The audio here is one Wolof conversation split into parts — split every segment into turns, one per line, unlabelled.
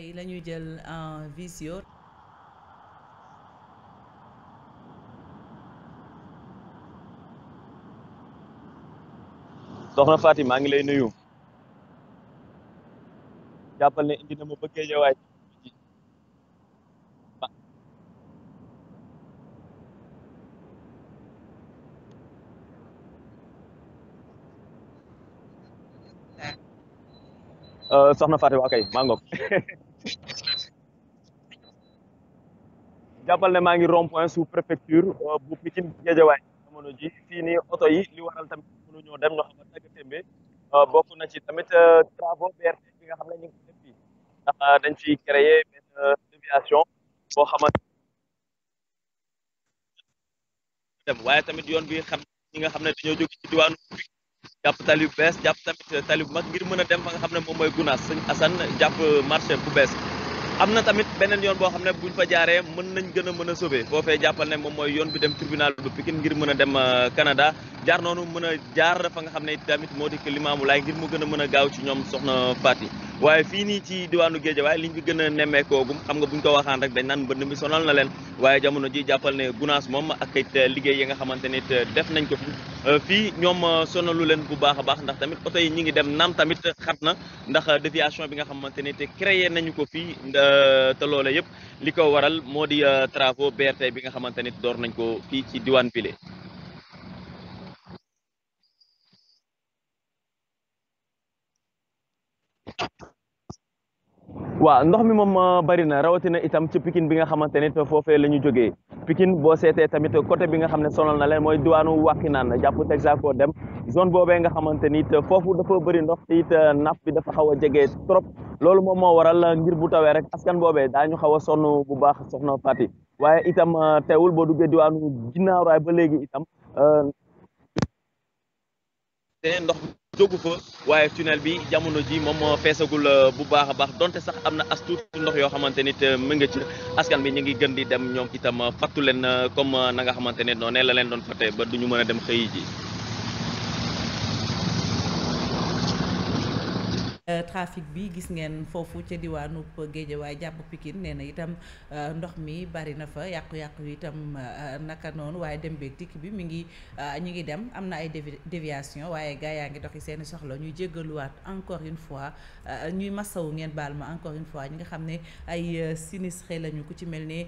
yi ñuy jël en visio.
soxna Fatima maa ngi lay nuyu. jàppal ne indi na ma bëggee jawaay euh, soxna Fatima ok maa ngoog jàppal ne maa ngi rond point sous préfecture euh, bu Pikine Guédiawaye jamono ji fii nii oto yi li waral tamit mënu dem ñoo xam ne tàgg na ci tamit euh, travaux BRT bi nga xam ne ñu ngi def ndax euh, dañ fiy créer benn déviation boo xamante dem tamit yoon bi xam ñi nga xam ne ñoo jóg ci diwaanu jàpp tali bu bees jàpp tamit tali bu mag ngir mën dem fa nga xam ne moom mooy Gunaas sëñ Assane jàpp marché bu bees am na tamit beneen yoon boo xam ne buñ fa jaaree mën nañ gën a mën a sauver foofee jàppal ne moom mooy yoon bi dem tribunal bu Pikine ngir mën a dem euh, Canada jaar noonu mën a jaar fa nga xam ne tamit moo di Limaamu Laay ngir mu gën a mën a gaaw ci ñoom soxna Faty waaye fii nii ci diwaanu Géejawaay liñ fi gën a nemmeekoogum xam nga buñ ko waxaan rek dañ naan mbënd mi sonal na leen waaye jamono ji jàppal ne gunaas moom ak it eh, liggéey yi nga xamante nit eh, def nañ ko fi eh, fii ñoom sonalu leen bu baax a baax ndax tamit oto yi ñi ngi dem naam tamit xat na ndax déviation bi nga xamante ni te créé nañu ko fii te loole yëpp li ko waral moo di travaux BRT bi nga xamante ni door nañ ko fii ci diwaan bile waaw ndox mi moom euh, bari na rawatina itam ci Pikine bi nga xamante ni foofee la ñu jógee Pikine boo seetee tamit côté bi nga xam ne sonal na leen mooy diwaanu Wakhinane jàpp Texaco dem zone boobee nga xamante ni foofu dafa bëri ndox te it euh, napp bi dafa xaw a jege trop loolu moom moo waral euh, ngir bu tawee rek askan boobee daañu xaw a sonn bu baax soxna Fati waaye itam teewul boo duggee diwaanu ginnaaw raay ba léegi itam. ndox jógu fa waaye tunnel bi jamono ji moom moo feesagul euh, bu baax a baax donte sax am na as tuuti ndox yoo xamante nit mu nga ci askan bi ñu ngi gën di dem ñoom itam fattu leen euh, comme euh, na nga xamante ne noonu la leen doon fatte ba du ñu mën a dem xëy ji
Euh, trafic bi gis ngeen foofu ca diwaanu waaye jàpp Pikine nee na itam euh, ndox mi bari na fa yàqu-yàqu itam euh, naka noonu waaye dem beeg dikk bi mu ngi ñu ngi dem am na ay déviation waaye gaa yaa ngi doxi seeni soxla ñuy jéggaluwaat encore une fois ñuy masawu ngeen baal ma encore une fois ñi nga xam ne ay sinistré lañu ku ci mel ni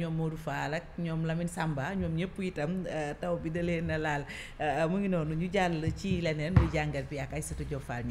ñoom Modou Fall ak ñoom Lamine Samba ñoom ñëpp itam taw bi da leen a laal mu ngi noonu ñu jàll ci leneen muy jàngal bi ak Aïssatou Diop Fall